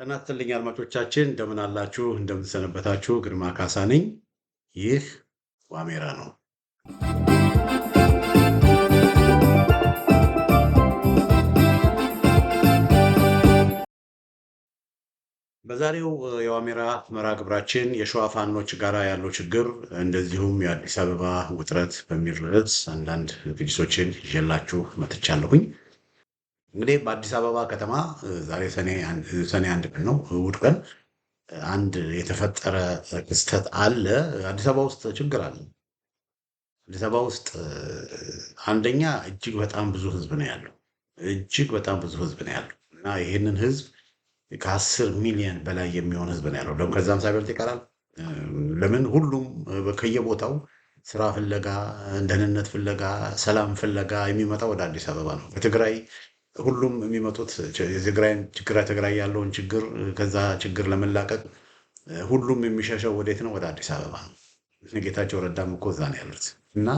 ጤና ይስጥልኝ አድማጮቻችን፣ እንደምን አላችሁ? እንደምትሰነበታችሁ። ግርማ ካሳ ነኝ። ይህ ዋሜራ ነው። በዛሬው የዋሜራ መርሃ ግብራችን የሸዋ ፋኖች ጋራ ያለው ችግር እንደዚሁም የአዲስ አበባ ውጥረት በሚል ርዕስ አንዳንድ ዝግጅቶችን ይዤላችሁ መጥቻለሁኝ። እንግዲህ በአዲስ አበባ ከተማ ዛሬ ሰኔ አንድ ቀን ነው፣ እሑድ ቀን አንድ የተፈጠረ ክስተት አለ። አዲስ አበባ ውስጥ ችግር አለ። አዲስ አበባ ውስጥ አንደኛ እጅግ በጣም ብዙ ህዝብ ነው ያለው። እጅግ በጣም ብዙ ህዝብ ነው ያለው እና ይህንን ህዝብ ከአስር ሚሊዮን በላይ የሚሆን ህዝብ ነው ያለው። ደግሞ ከዛም ሳይበልጥ ይቀራል። ለምን ሁሉም ከየቦታው ስራ ፍለጋ፣ ደህንነት ፍለጋ፣ ሰላም ፍለጋ የሚመጣው ወደ አዲስ አበባ ነው። ከትግራይ ሁሉም የሚመጡት ትግራይ ያለውን ችግር ከዛ ችግር ለመላቀቅ ሁሉም የሚሸሸው ወዴት ነው? ወደ አዲስ አበባ ነው። ጌታቸው ረዳም እኮ እዛ ነው ያሉት እና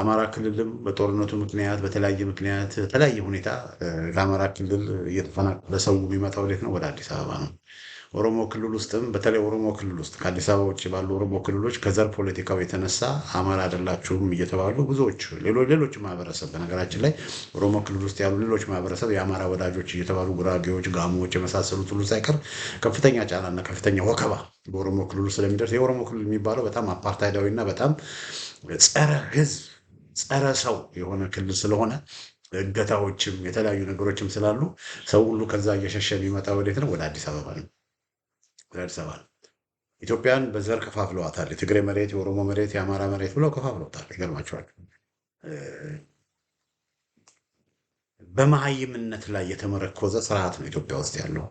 አማራ ክልልም በጦርነቱ ምክንያት በተለያየ ምክንያት በተለያየ ሁኔታ ለአማራ ክልል እየተፈናቀለ ሰው የሚመጣ ወዴት ነው? ወደ አዲስ አበባ ነው። ኦሮሞ ክልል ውስጥም በተለይ ኦሮሞ ክልል ውስጥ ከአዲስ አበባ ውጭ ባሉ ኦሮሞ ክልሎች ከዘር ፖለቲካው የተነሳ አማራ አይደላችሁም እየተባሉ ብዙዎች ሌሎች ማህበረሰብ በነገራችን ላይ ኦሮሞ ክልል ውስጥ ያሉ ሌሎች ማህበረሰብ የአማራ ወዳጆች እየተባሉ ጉራጌዎች፣ ጋሞዎች የመሳሰሉት ሁሉ ሳይቀር ከፍተኛ ጫናና ከፍተኛ ወከባ በኦሮሞ ክልል ስለሚደርስ የኦሮሞ ክልል የሚባለው በጣም አፓርታይዳዊና በጣም ጸረ ህዝብ ጸረ ሰው የሆነ ክልል ስለሆነ እገታዎችም የተለያዩ ነገሮችም ስላሉ ሰው ሁሉ ከዛ እየሸሸ የሚመጣ ወዴት ነው? ወደ አዲስ አበባ ነው። ደርሰዋል። ኢትዮጵያን በዘር ከፋፍለዋታል። የትግሬ መሬት፣ የኦሮሞ መሬት፣ የአማራ መሬት ብለው ከፋፍለውታል። ይገርማቸዋል። በመሀይምነት ላይ የተመረኮዘ ስርዓት ነው ኢትዮጵያ ውስጥ ያለው።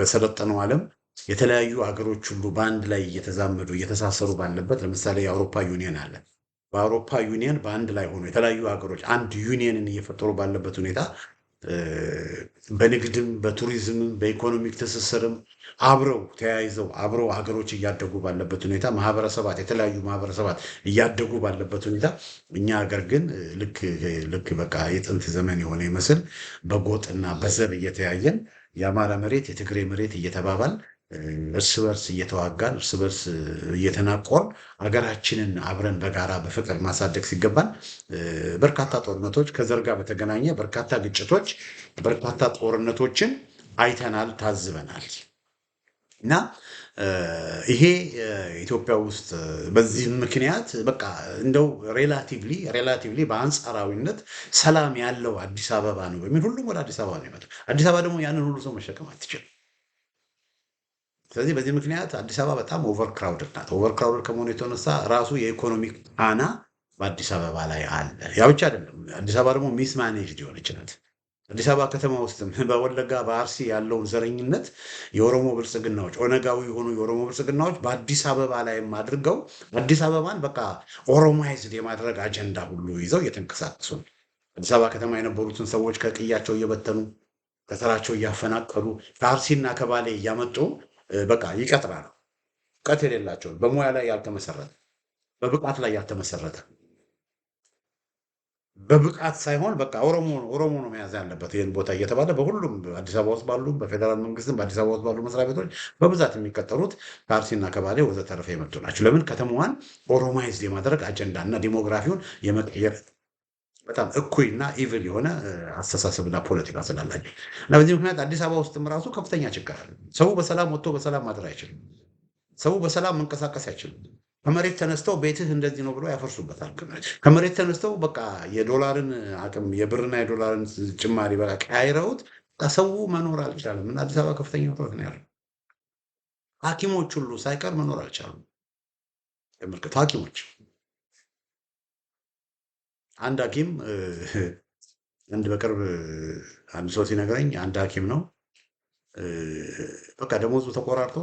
በሰለጠነው ዓለም የተለያዩ አገሮች ሁሉ በአንድ ላይ እየተዛመዱ እየተሳሰሩ ባለበት፣ ለምሳሌ የአውሮፓ ዩኒየን አለ። በአውሮፓ ዩኒየን በአንድ ላይ ሆኖ የተለያዩ ሀገሮች አንድ ዩኒየንን እየፈጠሩ ባለበት ሁኔታ በንግድም በቱሪዝምም በኢኮኖሚክ ትስስርም አብረው ተያይዘው አብረው ሀገሮች እያደጉ ባለበት ሁኔታ ማህበረሰባት የተለያዩ ማህበረሰባት እያደጉ ባለበት ሁኔታ እኛ ሀገር ግን ልክ ልክ በቃ የጥንት ዘመን የሆነ ይመስል በጎጥና በዘር እየተያየን የአማራ መሬት የትግሬ መሬት እየተባባል እርስ በርስ እየተዋጋን እርስ በርስ እየተናቆን አገራችንን አብረን በጋራ በፍቅር ማሳደግ ሲገባን በርካታ ጦርነቶች ከዘር ጋር በተገናኘ በርካታ ግጭቶች፣ በርካታ ጦርነቶችን አይተናል፣ ታዝበናል እና ይሄ ኢትዮጵያ ውስጥ በዚህ ምክንያት በቃ እንደው ሬላቲቭሊ ሬላቲቭሊ በአንጻራዊነት ሰላም ያለው አዲስ አበባ ነው በሚል ሁሉም ወደ አዲስ አበባ ነው ይመጣል። አዲስ አበባ ደግሞ ያንን ሁሉ ሰው መሸከም አትችልም። ስለዚህ በዚህ ምክንያት አዲስ አበባ በጣም ኦቨርክራውድድ ናት። ኦቨርክራውድድ ከመሆኑ የተነሳ ራሱ የኢኮኖሚ ጫና በአዲስ አበባ ላይ አለ። ያ ብቻ አይደለም፣ አዲስ አበባ ደግሞ ሚስ ማኔጅ ሊሆን ይችላል። አዲስ አበባ ከተማ ውስጥም በወለጋ በአርሲ ያለውን ዘረኝነት የኦሮሞ ብልጽግናዎች ኦነጋዊ የሆኑ የኦሮሞ ብልጽግናዎች በአዲስ አበባ ላይም አድርገው አዲስ አበባን በቃ ኦሮማይዝድ የማድረግ አጀንዳ ሁሉ ይዘው እየተንቀሳቀሱ ነው። አዲስ አበባ ከተማ የነበሩትን ሰዎች ከቅያቸው እየበተኑ ከስራቸው እያፈናቀሉ ከአርሲና ከባሌ እያመጡ በቃ ይቀጥራ ነው። እውቀት የሌላቸውን በሙያ ላይ ያልተመሰረተ በብቃት ላይ ያልተመሰረተ በብቃት ሳይሆን በቃ ኦሮሞ ኦሮሞ ነው መያዝ ያለበት ይህን ቦታ እየተባለ በሁሉም አዲስ አበባ ውስጥ ባሉ በፌደራል መንግስትም በአዲስ አበባ ውስጥ ባሉ መስሪያ ቤቶች በብዛት የሚቀጠሩት ከአርሲና ከባሌ ወዘተረፈ የመጡ ናቸው። ለምን ከተማዋን ኦሮማይዝ የማድረግ አጀንዳና ዲሞግራፊውን የመቀየር በጣም እኩይና ኢቭል የሆነ አስተሳሰብና ፖለቲካ ስላላቸው እና በዚህ ምክንያት አዲስ አበባ ውስጥም ራሱ ከፍተኛ ችግር አለ። ሰው በሰላም ወጥቶ በሰላም ማደር አይችልም። ሰው በሰላም መንቀሳቀስ አይችልም። ከመሬት ተነስተው ቤትህ እንደዚህ ነው ብሎ ያፈርሱበታል። ከመሬት ተነስተው በቃ የዶላርን አቅም የብርና የዶላርን ጭማሪ በቃ ቀያይረውት ሰው መኖር አልቻለም እና አዲስ አበባ ከፍተኛ ጥረት ነው ያለው። ሐኪሞች ሁሉ ሳይቀር መኖር አልቻሉም። ተመልክቶ ሐኪሞች አንድ ሐኪም አንድ በቅርብ አንድ ሰው ሲነግረኝ አንድ ሐኪም ነው በቃ ደሞዙ ተቆራርቶ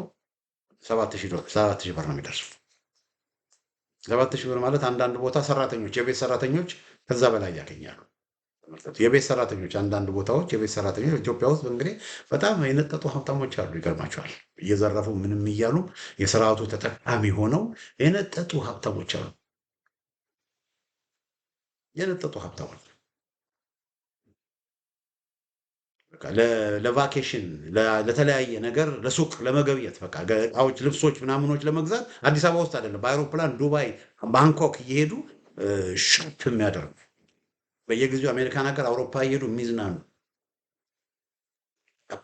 ሰባት ሺህ ብር ነው የሚደርሱ። ሰባት ሺህ ብር ማለት አንዳንድ ቦታ ሰራተኞች የቤት ሰራተኞች ከዛ በላይ ያገኛሉ። የቤት ሰራተኞች አንዳንድ ቦታዎች የቤት ሰራተኞች ኢትዮጵያ ውስጥ እንግዲህ በጣም የነጠጡ ሀብታሞች አሉ። ይገርማቸዋል። እየዘረፉ ምንም እያሉ የስርዓቱ ተጠቃሚ ሆነው የነጠጡ ሀብታሞች አሉ። የነጠጡ ሀብታሞች ለቫኬሽን ለተለያየ ነገር ለሱቅ ለመገብየት በቃ እቃዎች፣ ልብሶች፣ ምናምኖች ለመግዛት አዲስ አበባ ውስጥ አይደለም በአይሮፕላን ዱባይ፣ ባንኮክ እየሄዱ ሻፕ የሚያደርጉ በየጊዜው አሜሪካን ሀገር፣ አውሮፓ እየሄዱ የሚዝናኑ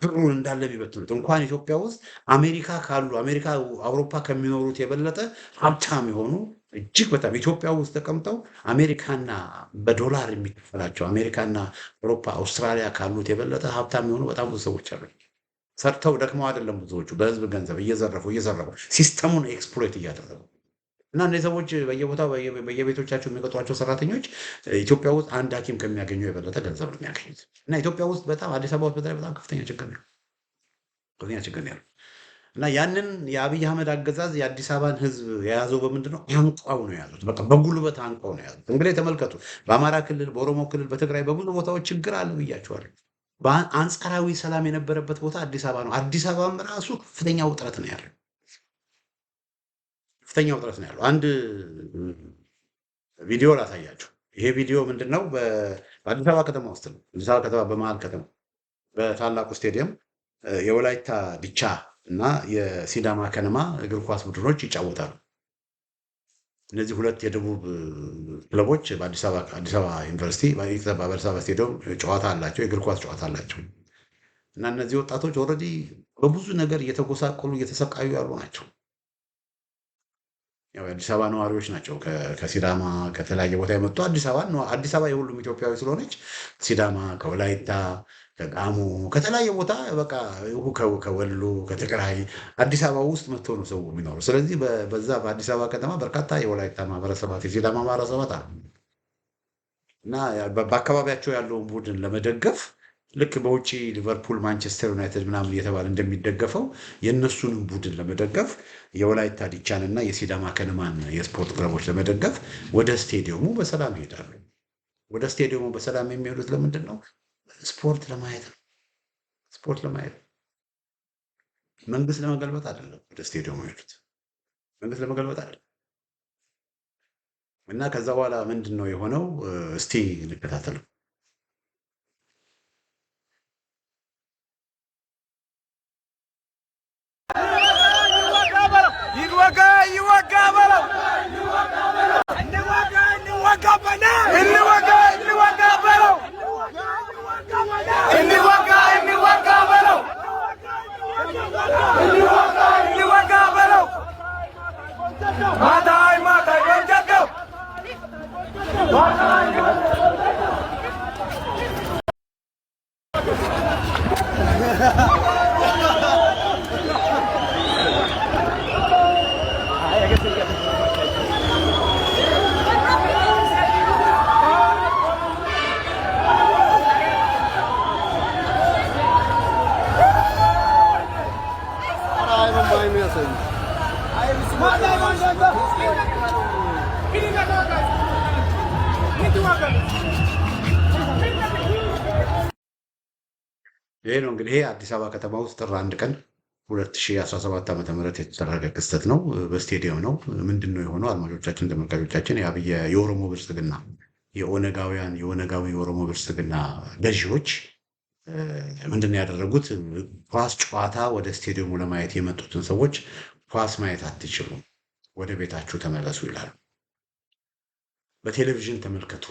ብሩን እንዳለ ቢበትኑት እንኳን ኢትዮጵያ ውስጥ አሜሪካ ካሉ አሜሪካ፣ አውሮፓ ከሚኖሩት የበለጠ ሀብታም የሆኑ እጅግ በጣም ኢትዮጵያ ውስጥ ተቀምጠው አሜሪካና በዶላር የሚከፈላቸው አሜሪካና አውሮፓ፣ አውስትራሊያ ካሉት የበለጠ ሀብታም የሆኑ በጣም ብዙ ሰዎች አሉ። ሰርተው ደክመው አይደለም ብዙዎቹ፣ በህዝብ ገንዘብ እየዘረፉ እየዘረፉ ሲስተሙን ኤክስፕሎይት እያደረጉ እና እነዚህ ሰዎች በየቦታው በየቤቶቻቸው የሚቀጥሯቸው ሰራተኞች ኢትዮጵያ ውስጥ አንድ ሐኪም ከሚያገኙ የበለጠ ገንዘብ ነው የሚያገኙት። እና ኢትዮጵያ ውስጥ በጣም አዲስ አበባ ውስጥ በጣም ከፍተኛ ችግር ነው ከፍተኛ ችግር ነው ያለው እና ያንን የአብይ አህመድ አገዛዝ የአዲስ አበባን ህዝብ የያዘው በምንድነው? አንቋው ነው የያዙት። በቃ በጉልበት አንቋው ነው የያዙት። እንግዲህ ተመልከቱ፣ በአማራ ክልል፣ በኦሮሞ ክልል፣ በትግራይ በብዙ ቦታዎች ችግር አለ ብያቸዋለሁ። አንጻራዊ ሰላም የነበረበት ቦታ አዲስ አበባ ነው። አዲስ አበባም ራሱ ከፍተኛ ውጥረት ነው ያለው። ከፍተኛ ውጥረት ነው ያለው። አንድ ቪዲዮ ላሳያቸው። ይሄ ቪዲዮ ምንድን ነው? በአዲስ አበባ ከተማ ውስጥ ነው። አዲስ አበባ ከተማ በመሀል ከተማ በታላቁ ስቴዲየም የወላይታ ዲቻ እና የሲዳማ ከነማ እግር ኳስ ቡድኖች ይጫወታሉ። እነዚህ ሁለት የደቡብ ክለቦች በአዲስ አበባ ዩኒቨርሲቲ በአዲስ አበባ ስቴዲየም ጨዋታ አላቸው፣ የእግር ኳስ ጨዋታ አላቸው። እና እነዚህ ወጣቶች ኦልሬዲ በብዙ ነገር እየተጎሳቆሉ እየተሰቃዩ ያሉ ናቸው። የአዲስ አበባ ነዋሪዎች ናቸው። ከሲዳማ ከተለያየ ቦታ የመጡ አዲስ አበባ አዲስ አበባ የሁሉም ኢትዮጵያዊ ስለሆነች ሲዳማ ከወላይታ ከቃሙ ከተለያየ ቦታ በቃ ከወሎ ከትግራይ አዲስ አበባ ውስጥ መጥቶ ነው ሰው የሚኖሩ። ስለዚህ በዛ በአዲስ አበባ ከተማ በርካታ የወላይታ ማህበረሰባት፣ የሲዳማ ማህበረሰባት አሉ እና በአካባቢያቸው ያለውን ቡድን ለመደገፍ ልክ በውጭ ሊቨርፑል፣ ማንቸስተር ዩናይትድ ምናምን እየተባለ እንደሚደገፈው የእነሱንም ቡድን ለመደገፍ የወላይታ ዲቻን እና የሲዳማ ከነማን የስፖርት ክለቦች ለመደገፍ ወደ ስቴዲየሙ በሰላም ይሄዳሉ። ወደ ስቴዲየሙ በሰላም የሚሄዱት ለምንድን ነው? ስፖርት ለማየት ነው። ስፖርት ለማየት መንግስት ለመገልበጥ አይደለም። ወደ ስቴዲየሙ ይሄዱት መንግስት ለመገልበጥ አይደለም። እና ከዛ በኋላ ምንድን ነው የሆነው? እስቲ እንከታተለው። ಎನ್ನುವ ይሄ አዲስ አበባ ከተማ ውስጥ ጥር አንድ ቀን 2017 ዓ ም የተደረገ ክስተት ነው። በስቴዲየም ነው። ምንድን ነው የሆነው? አድማጮቻችን፣ ተመልካቾቻችን የአብይ የኦሮሞ ብልጽግና የኦነጋውያን የኦነጋዊ የኦሮሞ ብልጽግና ገዢዎች ምንድን ነው ያደረጉት? ኳስ ጨዋታ ወደ ስቴዲየሙ ለማየት የመጡትን ሰዎች ኳስ ማየት አትችሉም፣ ወደ ቤታችሁ ተመለሱ ይላሉ። በቴሌቪዥን ተመልከቱ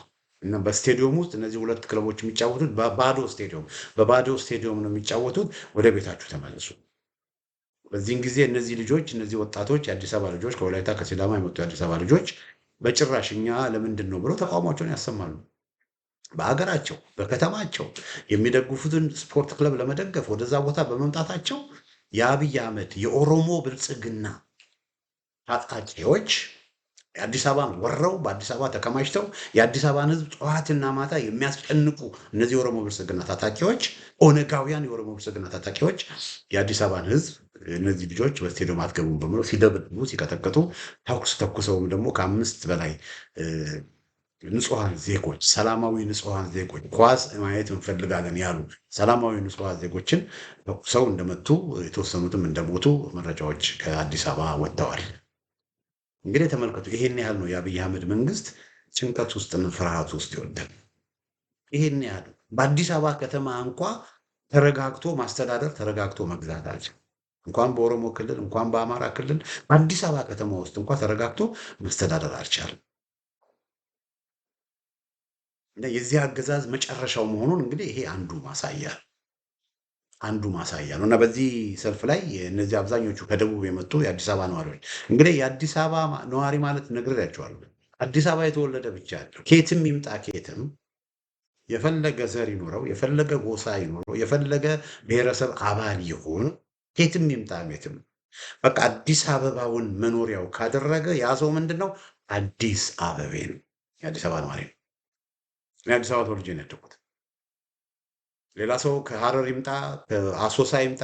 እና በስቴዲየም ውስጥ እነዚህ ሁለት ክለቦች የሚጫወቱት በባዶ ስቴዲየም በባዶ ስቴዲየም ነው የሚጫወቱት። ወደ ቤታችሁ ተመለሱ። በዚህን ጊዜ እነዚህ ልጆች እነዚህ ወጣቶች የአዲስ አበባ ልጆች ከወላይታ ከሲዳማ የመጡ የአዲስ አበባ ልጆች በጭራሽ እኛ ለምንድን ነው ብለው ተቃውሟቸውን ያሰማሉ። በሀገራቸው በከተማቸው የሚደግፉትን ስፖርት ክለብ ለመደገፍ ወደዛ ቦታ በመምጣታቸው የአብይ አህመድ የኦሮሞ ብልጽግና ታጣቂዎች የአዲስ አበባን ወረው በአዲስ አበባ ተከማችተው የአዲስ አበባን ህዝብ ጠዋትና ማታ የሚያስጨንቁ እነዚህ የኦሮሞ ብልጽግና ታጣቂዎች፣ ኦነጋውያን የኦሮሞ ብልጽግና ታጣቂዎች የአዲስ አበባን ህዝብ እነዚህ ልጆች በስቴዲየም አትገቡም በምለው ሲደበድቡ፣ ሲቀጠቅጡ ተኩስ ተኩሰውም ደግሞ ከአምስት በላይ ንጹሐን ዜጎች ሰላማዊ ንጹሐን ዜጎች ኳስ ማየት እንፈልጋለን ያሉ ሰላማዊ ንጹሐን ዜጎችን ሰው እንደመቱ የተወሰኑትም እንደሞቱ መረጃዎች ከአዲስ አበባ ወጥተዋል። እንግዲህ ተመልከቱ፣ ይሄን ያህል ነው የአብይ አህመድ መንግስት ጭንቀት ውስጥና ፍርሃት ውስጥ ይወደል። ይሄን ያህል በአዲስ አበባ ከተማ እንኳ ተረጋግቶ ማስተዳደር ተረጋግቶ መግዛት አልችል እንኳን በኦሮሞ ክልል እንኳን በአማራ ክልል በአዲስ አበባ ከተማ ውስጥ እንኳ ተረጋግቶ ማስተዳደር አልቻለም። የዚህ አገዛዝ መጨረሻው መሆኑን እንግዲህ ይሄ አንዱ ማሳያ አንዱ ማሳያ ነው እና በዚህ ሰልፍ ላይ እነዚህ አብዛኞቹ ከደቡብ የመጡ የአዲስ አበባ ነዋሪዎች እንግዲህ የአዲስ አበባ ነዋሪ ማለት ነግሬያቸዋለሁ። አዲስ አበባ የተወለደ ብቻ ያለው ኬትም ይምጣ ኬትም የፈለገ ዘር ይኖረው የፈለገ ጎሳ ይኖረው የፈለገ ብሔረሰብ አባል ይሁን ኬትም ይምጣ ኬትም በቃ አዲስ አበባውን መኖሪያው ካደረገ የያዘው ምንድን ነው? አዲስ አበቤ ነው። የአዲስ አበባ ነዋሪ ነው። የአዲስ አበባ ተወልጄ ነው ያደኩት። ሌላ ሰው ከሀረር ይምጣ፣ ከአሶሳ ይምጣ፣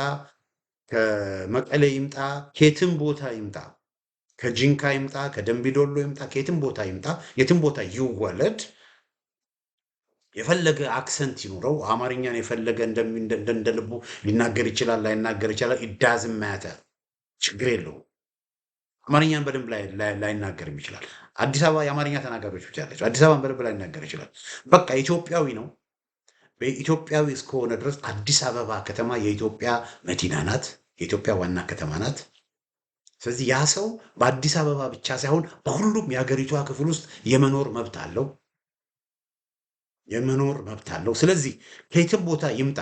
ከመቀሌ ይምጣ፣ ከየትም ቦታ ይምጣ፣ ከጂንካ ይምጣ፣ ከደንቢዶሎ ይምጣ፣ ከየትም ቦታ ይምጣ፣ የትም ቦታ ይወለድ፣ የፈለገ አክሰንት ይኑረው፣ አማርኛን የፈለገ እንደ ልቡ ሊናገር ይችላል፣ ላይናገር ይችላል። ኢዳዝም ማያተ ችግር የለው። አማርኛን በደንብ ላይናገርም ይችላል። አዲስ አበባ የአማርኛ ተናጋሪዎች ብቻ ያለችው አዲስ አበባን በደንብ ላይናገር ይችላል። በቃ ኢትዮጵያዊ ነው። በኢትዮጵያዊ እስከሆነ ድረስ አዲስ አበባ ከተማ የኢትዮጵያ መዲና ናት፣ የኢትዮጵያ ዋና ከተማ ናት። ስለዚህ ያ ሰው በአዲስ አበባ ብቻ ሳይሆን በሁሉም የሀገሪቷ ክፍል ውስጥ የመኖር መብት አለው፣ የመኖር መብት አለው። ስለዚህ ከየትም ቦታ ይምጣ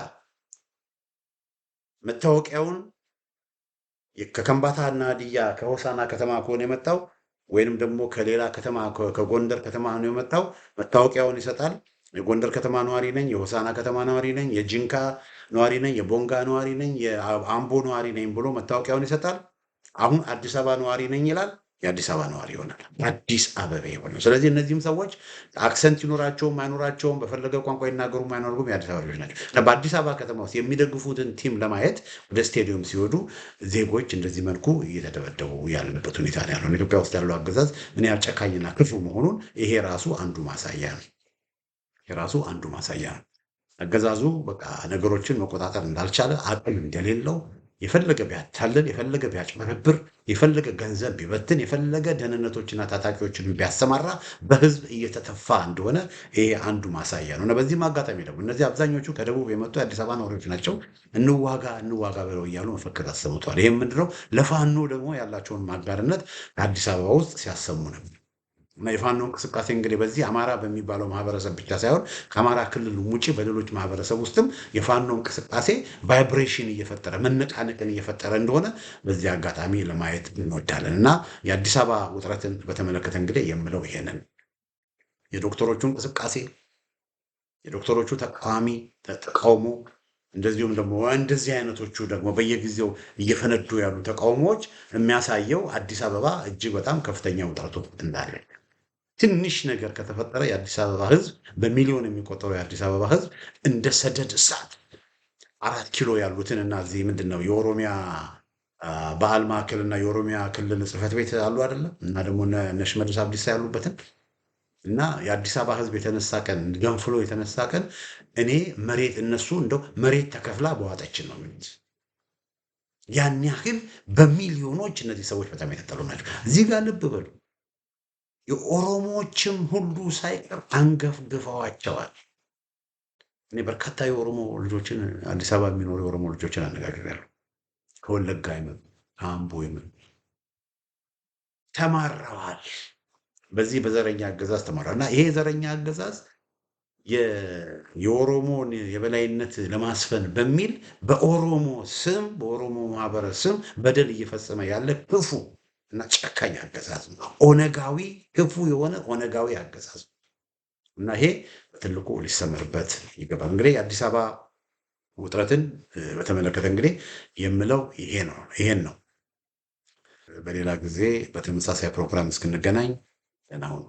መታወቂያውን ከከምባታ እና ሀዲያ ከሆሳና ከተማ ከሆነ የመጣው ወይንም ደግሞ ከሌላ ከተማ ከጎንደር ከተማ ነው የመጣው መታወቂያውን ይሰጣል። የጎንደር ከተማ ነዋሪ ነኝ፣ የሆሳና ከተማ ነዋሪ ነኝ፣ የጂንካ ነዋሪ ነኝ፣ የቦንጋ ነዋሪ ነኝ፣ የአምቦ ነዋሪ ነኝ ብሎ መታወቂያውን ይሰጣል። አሁን አዲስ አበባ ነዋሪ ነኝ ይላል። የአዲስ አበባ ነዋሪ ይሆናል። አዲስ አበባ ይሆናል። ስለዚህ እነዚህም ሰዎች አክሰንት ይኖራቸውም አይኖራቸውም በፈለገ ቋንቋ ይናገሩም አይኖርጉም የአዲስ አበባ ልጆች ናቸው። በአዲስ አበባ ከተማ ውስጥ የሚደግፉትን ቲም ለማየት ወደ ስቴዲየም ሲወዱ ዜጎች እንደዚህ መልኩ እየተደበደቡ ያለበት ሁኔታ ነው ኢትዮጵያ ውስጥ ያለው አገዛዝ ምን ያህል ጨካኝና ክፉ መሆኑን ይሄ ራሱ አንዱ ማሳያ ነው። የራሱ አንዱ ማሳያ ነው። አገዛዙ በቃ ነገሮችን መቆጣጠር እንዳልቻለ አቅም እንደሌለው የፈለገ ቢያታልል የፈለገ ቢያጭበረብር የፈለገ ገንዘብ ቢበትን የፈለገ ደህንነቶችና ታጣቂዎችን ቢያሰማራ በህዝብ እየተተፋ እንደሆነ ይሄ አንዱ ማሳያ ነው እና በዚህም አጋጣሚ ደግሞ እነዚህ አብዛኞቹ ከደቡብ የመጡ የአዲስ አበባ ነዋሪዎች ናቸው። እንዋጋ እንዋጋ ብለው እያሉ መፈክር አሰምተዋል። ይህም ምንድነው? ለፋኖ ደግሞ ያላቸውን ማጋርነት ከአዲስ አበባ ውስጥ ሲያሰሙ ነበር። እና የፋኖ እንቅስቃሴ እንግዲህ በዚህ አማራ በሚባለው ማህበረሰብ ብቻ ሳይሆን ከአማራ ክልል ውጭ በሌሎች ማህበረሰብ ውስጥም የፋኖ እንቅስቃሴ ቫይብሬሽን እየፈጠረ መነቃነቅን እየፈጠረ እንደሆነ በዚህ አጋጣሚ ለማየት እንወዳለን እና የአዲስ አበባ ውጥረትን በተመለከተ እንግዲህ የምለው ይሄንን የዶክተሮቹ እንቅስቃሴ የዶክተሮቹ ተቃዋሚ ተቃውሞ እንደዚሁም ደግሞ እንደዚህ አይነቶቹ ደግሞ በየጊዜው እየፈነዱ ያሉ ተቃውሞዎች የሚያሳየው አዲስ አበባ እጅግ በጣም ከፍተኛ ውጥረቱ እንዳለ ትንሽ ነገር ከተፈጠረ የአዲስ አበባ ህዝብ በሚሊዮን የሚቆጠሩ የአዲስ አበባ ህዝብ እንደ ሰደድ እሳት አራት ኪሎ ያሉትን እና እዚህ ምንድን ነው የኦሮሚያ ባህል ማዕከል እና የኦሮሚያ ክልል ጽህፈት ቤት አሉ አይደለም እና ደግሞ እነ ሽመልስ አብዲሳ ያሉበትን እና የአዲስ አበባ ህዝብ የተነሳ ቀን ገንፍሎ የተነሳ ቀን እኔ መሬት እነሱ እንደው መሬት ተከፍላ በዋጠችን ነው የሚሉት። ያን ያህል በሚሊዮኖች እነዚህ ሰዎች በጣም የተጠሉ ናቸው። እዚህ ጋር ልብ በሉ። የኦሮሞዎችም ሁሉ ሳይቀር አንገፍግፈዋቸዋል። እኔ በርካታ የኦሮሞ ልጆችን አዲስ አበባ የሚኖሩ የኦሮሞ ልጆችን አነጋግሬያለሁ። ከወለጋ ይመጡ፣ ከአምቦ ይመጡ ተማረዋል። በዚህ በዘረኛ አገዛዝ ተማረዋል እና ይሄ ዘረኛ አገዛዝ የኦሮሞን የበላይነት ለማስፈን በሚል በኦሮሞ ስም በኦሮሞ ማህበረ ስም በደል እየፈጸመ ያለ ክፉ እና ጨካኝ አገዛዝ ነው። ኦነጋዊ ክፉ የሆነ ኦነጋዊ አገዛዝ እና ይሄ በትልቁ ሊሰመርበት ይገባል። እንግዲህ የአዲስ አበባ ውጥረትን በተመለከተ እንግዲህ የምለው ይሄ ነው ይሄን ነው። በሌላ ጊዜ በተመሳሳይ ፕሮግራም እስክንገናኝ ደህና ሁኑ።